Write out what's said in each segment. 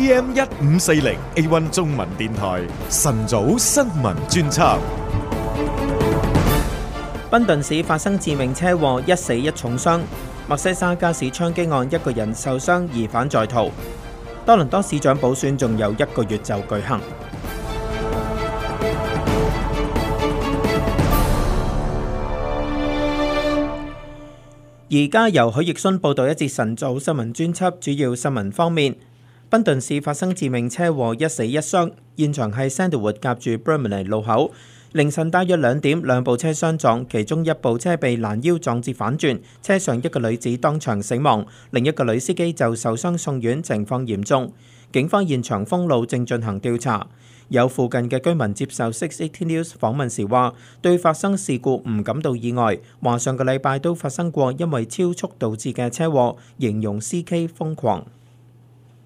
AM 一五四零 A One 中文電台晨早新聞專輯。賓頓市發生致命車禍，一死一重傷；墨西沙加市槍擊案，一個人受傷，疑犯在逃。多倫多市長補選仲有一個月就舉行。而家 由許奕迅報道一節晨早新聞專輯，主要新聞方面。賓頓市發生致命車禍，一死一傷。現場喺 Sandalwood 夾住 Bromley 路口，凌晨大約兩點，兩部車相撞，其中一部車被攔腰撞至反轉，車上一個女子當場死亡，另一個女司機就受傷送院，情況嚴重。警方現場封路，正進行調查。有附近嘅居民接受 Six Eighty News 訪問時話，對發生事故唔感到意外，話上個禮拜都發生過因為超速導致嘅車禍，形容司機瘋狂。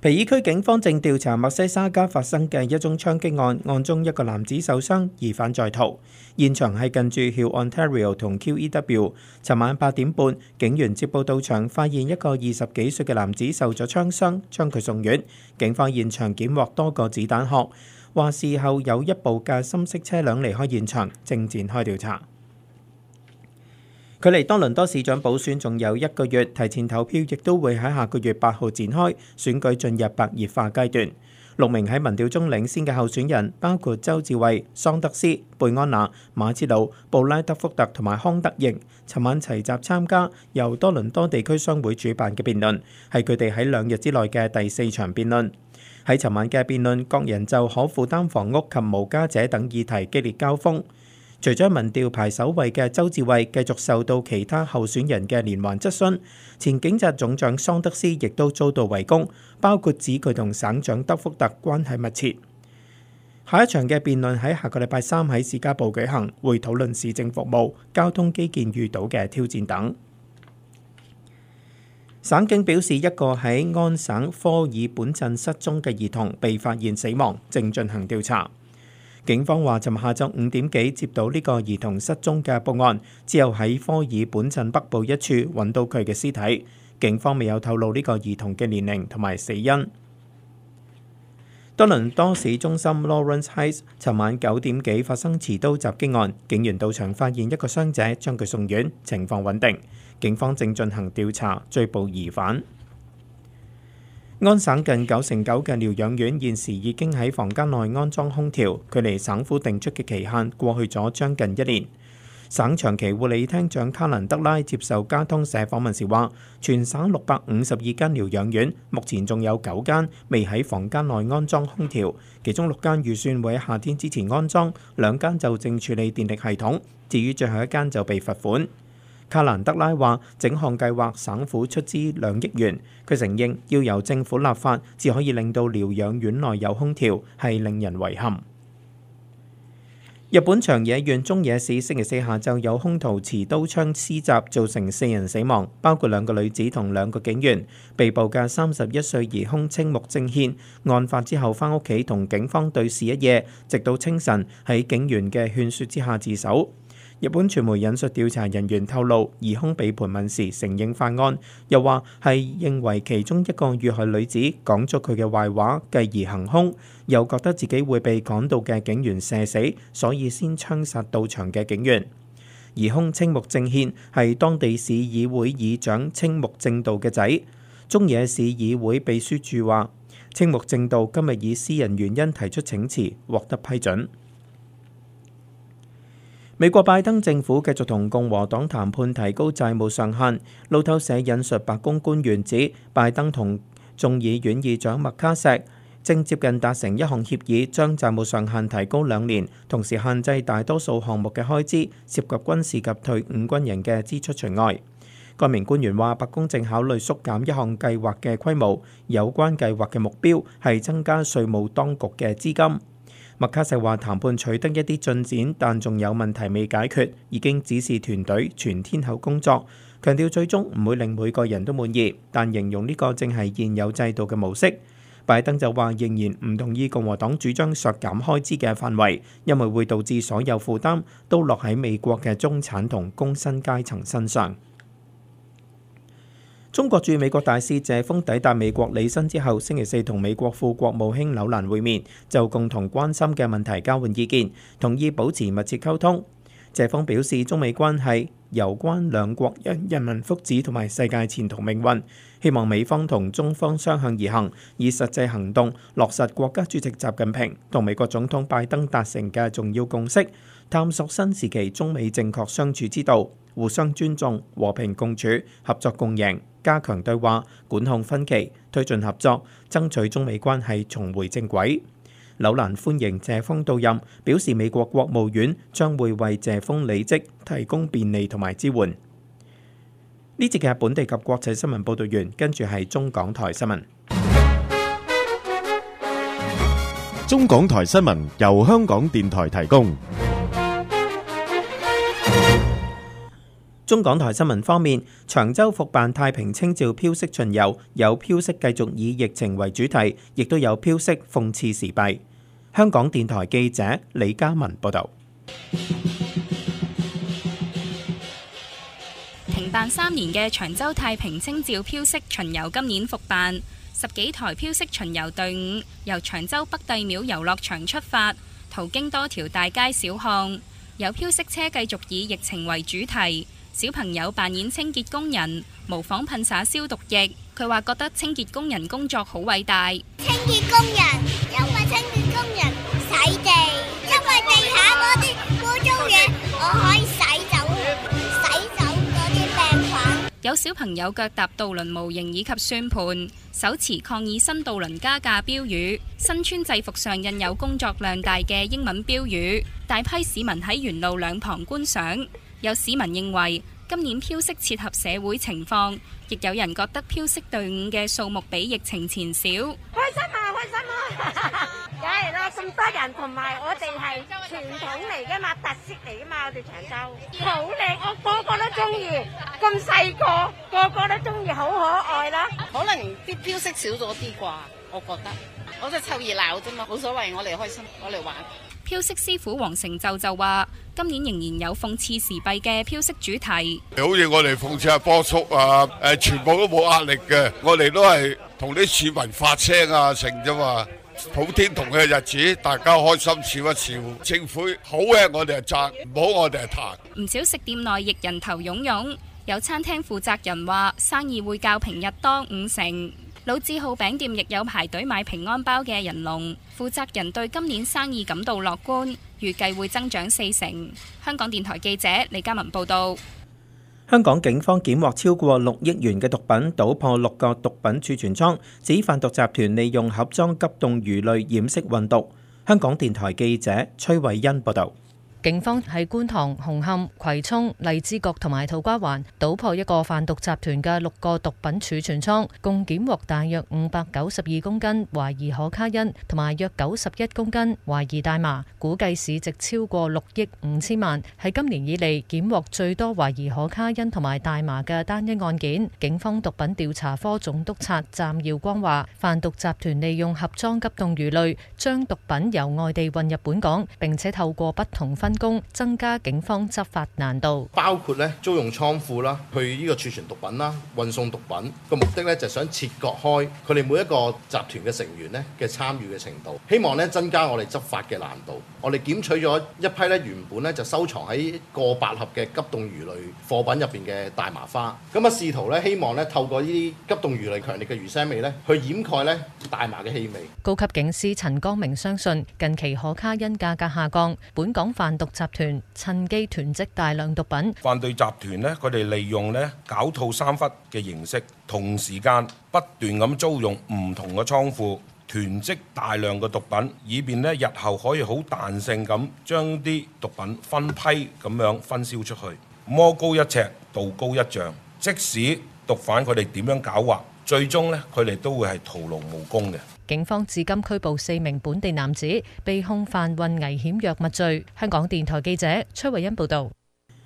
皮爾區警方正調查墨西沙加發生嘅一宗槍擊案，案中一個男子受傷，疑犯在逃。現場係近住 Ontario 同 QEW。尋晚八點半，警員接報到場，發現一個二十幾歲嘅男子受咗槍傷，將佢送院。警方現場檢獲多個子彈殼，話事後有一部架深色車輛離開現場，正展開調查。距離多倫多市長補選仲有一個月，提前投票亦都會喺下個月八號展開，選舉進入白熱化階段。六名喺民調中領先嘅候選人，包括周志偉、桑德斯、貝安娜、馬切魯、布拉德福特同埋康德盈，尋晚齊集參加由多倫多地區商會主辦嘅辯論，係佢哋喺兩日之內嘅第四場辯論。喺尋晚嘅辯論，各人就可負擔房屋及無家者等議題激烈交鋒。除咗民調排首位嘅鄒至蕙繼續受到其他候選人嘅連環質詢，前警察總長桑德斯亦都遭到圍攻，包括指佢同省長德福特關係密切。下一場嘅辯論喺下個禮拜三喺士嘉堡舉行，會討論市政服務、交通基建遇到嘅挑戰等。省警表示，一個喺安省科爾本鎮失蹤嘅兒童被發現死亡，正進行調查。警方話：尋日下晝五點幾接到呢個兒童失蹤嘅報案，之後喺科爾本鎮北部一處揾到佢嘅屍體。警方未有透露呢個兒童嘅年齡同埋死因。多倫多市中心 Lawrence Heights 尋晚九點幾發生持刀襲擊案，警員到場發現一個傷者，將佢送院，情況穩定。警方正進行調查，追捕疑犯。安省近九成九嘅療養院現時已經喺房間內安裝空調，距離省府定出嘅期限過去咗將近一年。省長期護理廳長卡蘭德拉接受加通社訪問時話，全省六百五十二間療養院目前仲有九間未喺房間內安裝空調，其中六間預算會喺夏天之前安裝，兩間就正處理電力系統，至於最後一間就被罰款。卡蘭德拉話：整項計劃，省府出資兩億元。佢承認要由政府立法，至可以令到療養院內有空調，係令人遺憾。日本長野縣中野市星期四下晝有兇徒持刀槍施襲，造成四人死亡，包括兩個女子同兩個警員。被捕嘅三十一歲疑兇青木正憲，案發之後翻屋企同警方對峙一夜，直到清晨喺警員嘅勸說之下自首。日本傳媒引述調查人員透露，疑兇被盤問時承認犯案，又話係認為其中一個遇害女子講咗佢嘅壞話，繼而行凶，又覺得自己會被趕到嘅警員射死，所以先槍殺到場嘅警員。疑兇青木正憲係當地市議會議長青木正道嘅仔。中野市議會秘書處話，青木正道今日以私人原因提出請辭，獲得批准。美國拜登政府繼續同共和黨談判提高債務上限。路透社引述白宮官員指，拜登同眾議院議長麥卡錫正接近達成一項協議，將債務上限提高兩年，同時限制大多數項目嘅開支，涉及軍事及退伍軍人嘅支出除外。該名官員話，白宮正考慮縮減一項計劃嘅規模，有關計劃嘅目標係增加稅務當局嘅資金。麥卡錫話談判取得一啲進展，但仲有問題未解決，已經指示團隊全天候工作，強調最終唔會令每個人都滿意，但形容呢個正係現有制度嘅模式。拜登就話仍然唔同意共和黨主張削減開支嘅範圍，因為會導致所有負擔都落喺美國嘅中產同工薪階層身上。中國駐美國大使謝鋒抵達美國履新之後，星期四同美國副國務卿紐蘭會面，就共同關心嘅問題交換意見，同意保持密切溝通。謝鋒表示，中美關係攸關兩國人人民福祉同埋世界前途命運，希望美方同中方相向而行，以實際行動落實國家主席習近平同美國總統拜登達成嘅重要共識，探索新時期中美正確相處之道，互相尊重、和平共處、合作共贏。加強對話、管控分歧、推進合作，爭取中美關係重回正軌。紐蘭歡迎謝鋒到任，表示美國國務院將會為謝鋒履職提供便利同埋支援。呢節嘅本地及國際新聞報道員，跟住係中港台新聞。中港台新聞由香港電台提供。中港台新聞方面，長洲復辦太平清醮飄色巡遊，有飄色繼續以疫情為主題，亦都有飄色諷刺時弊。香港電台記者李嘉文報導。停辦三年嘅長洲太平清醮飄色巡遊，今年復辦，十幾台飄色巡遊隊伍由長洲北帝廟遊樂場出發，途經多條大街小巷，有飄色車繼續以疫情為主題。小朋友扮演清潔工人，模仿噴灑消毒液。佢話覺得清潔工人工作好偉大。清潔工人，因為清潔工人洗地，因為地下嗰啲污糟嘢，我可以洗走，洗走嗰啲病菌。有小朋友腳踏渡輪模型以及算盤，手持抗議新渡輪加價標語，身穿制服上印有工作量大嘅英文標語。大批市民喺沿路兩旁觀賞。有市民認為今年飄色切合社會情況，亦有人覺得飄色隊伍嘅數目比疫情前少。開心啊！開心啊！梗係啦，咁多人同埋我哋係傳統嚟嘅嘛，特色嚟嘅嘛，我哋長洲好靚，嗯，我個個都中意。咁細個個個都中意，好可愛啦。可能啲飄色少咗啲啩，我覺得。我就湊熱鬧啫嘛，冇所謂，我嚟開心，我嚟玩，玩。飄色師傅黃成就就話，今年仍然有諷刺時弊嘅飄色主題。好似我哋諷刺阿波叔啊，誒，全部都冇壓力嘅，我哋都係同啲市民發聲啊，成啫嘛。普天同慶嘅日子，大家開心笑一笑，政府好嘅我哋係讚，唔好我哋係彈。唔少食店內亦人頭湧湧，有餐廳負責人話生意會較平日多五成。老字號餅店亦有排隊買平安包嘅人龍，負責人對今年生意感到樂觀，預計會增長四成。香港電台記者李嘉文報道。香港警方檢獲超過六億元嘅毒品，搗破六個毒品儲存倉，指販毒集團利用盒裝急凍魚類掩飾運毒。香港電台記者崔慧恩報道。警方喺觀塘、紅磡、葵涌、荔枝角同埋土瓜灣搗破一個販毒集團嘅六個毒品儲存倉，共檢獲大約五百九十二公斤懷疑可卡因同埋約九十一公斤懷疑大麻，估計市值超過六億五千萬，係今年以嚟檢獲最多懷疑可卡因同埋大麻嘅單一案件。警方毒品調查科總督察湛耀光話：販毒集團利用盒裝急凍魚類將毒品由外地運入本港，並且透過不同分。分工增加警方執法難度，包括咧租用倉庫啦，去呢個儲存毒品啦，運送毒品個目的咧就想切割開佢哋每一個集團嘅成員咧嘅參與嘅程度，希望咧增加我哋執法嘅難度。我哋檢取咗一批咧原本咧就收藏喺過百盒嘅急凍魚類貨品入邊嘅大麻花，咁啊試圖咧希望咧透過呢啲急凍魚類強烈嘅魚腥味咧，去掩蓋咧大麻嘅氣味。高級警司陳光明相信近期可卡因價格下降，本港犯毒集團趁機囤積大量毒品，犯罪集團呢，佢哋利用呢狡兔三窟嘅形式，同時間不斷咁租用唔同嘅倉庫囤積大量嘅毒品，以便呢日後可以好彈性咁將啲毒品分批咁樣分銷出去。魔高一尺，道高一丈，即使毒販佢哋點樣狡猾，最終呢佢哋都會係徒勞無功嘅。警方至今拘捕四名本地男子，被控販運危險藥物罪。香港電台記者崔慧欣報道。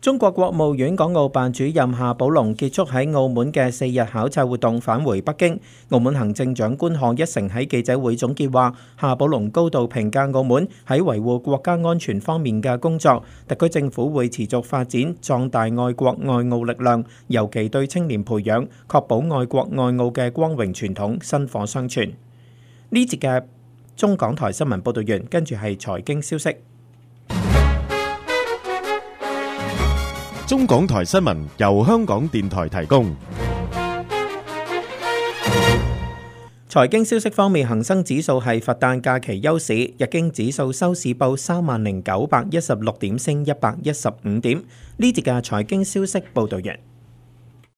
中國國務院港澳辦主任夏寶龍結束喺澳門嘅四日考察活動，返回北京。澳門行政長官賀一誠喺記者會總結話：夏寶龍高度評價澳門喺維護國家安全方面嘅工作。特區政府會持續發展壯大愛國愛澳力量，尤其對青年培養，確保愛國愛澳嘅光榮傳統薪火相傳。呢節嘅中港台新聞報道完，跟住係財經消息。中港台新聞由香港電台提供。財經消息方面，恒生指數係佛誕假期休市，日經指數收市報三萬零九百一十六點，升一百一十五點。呢節嘅財經消息報道完。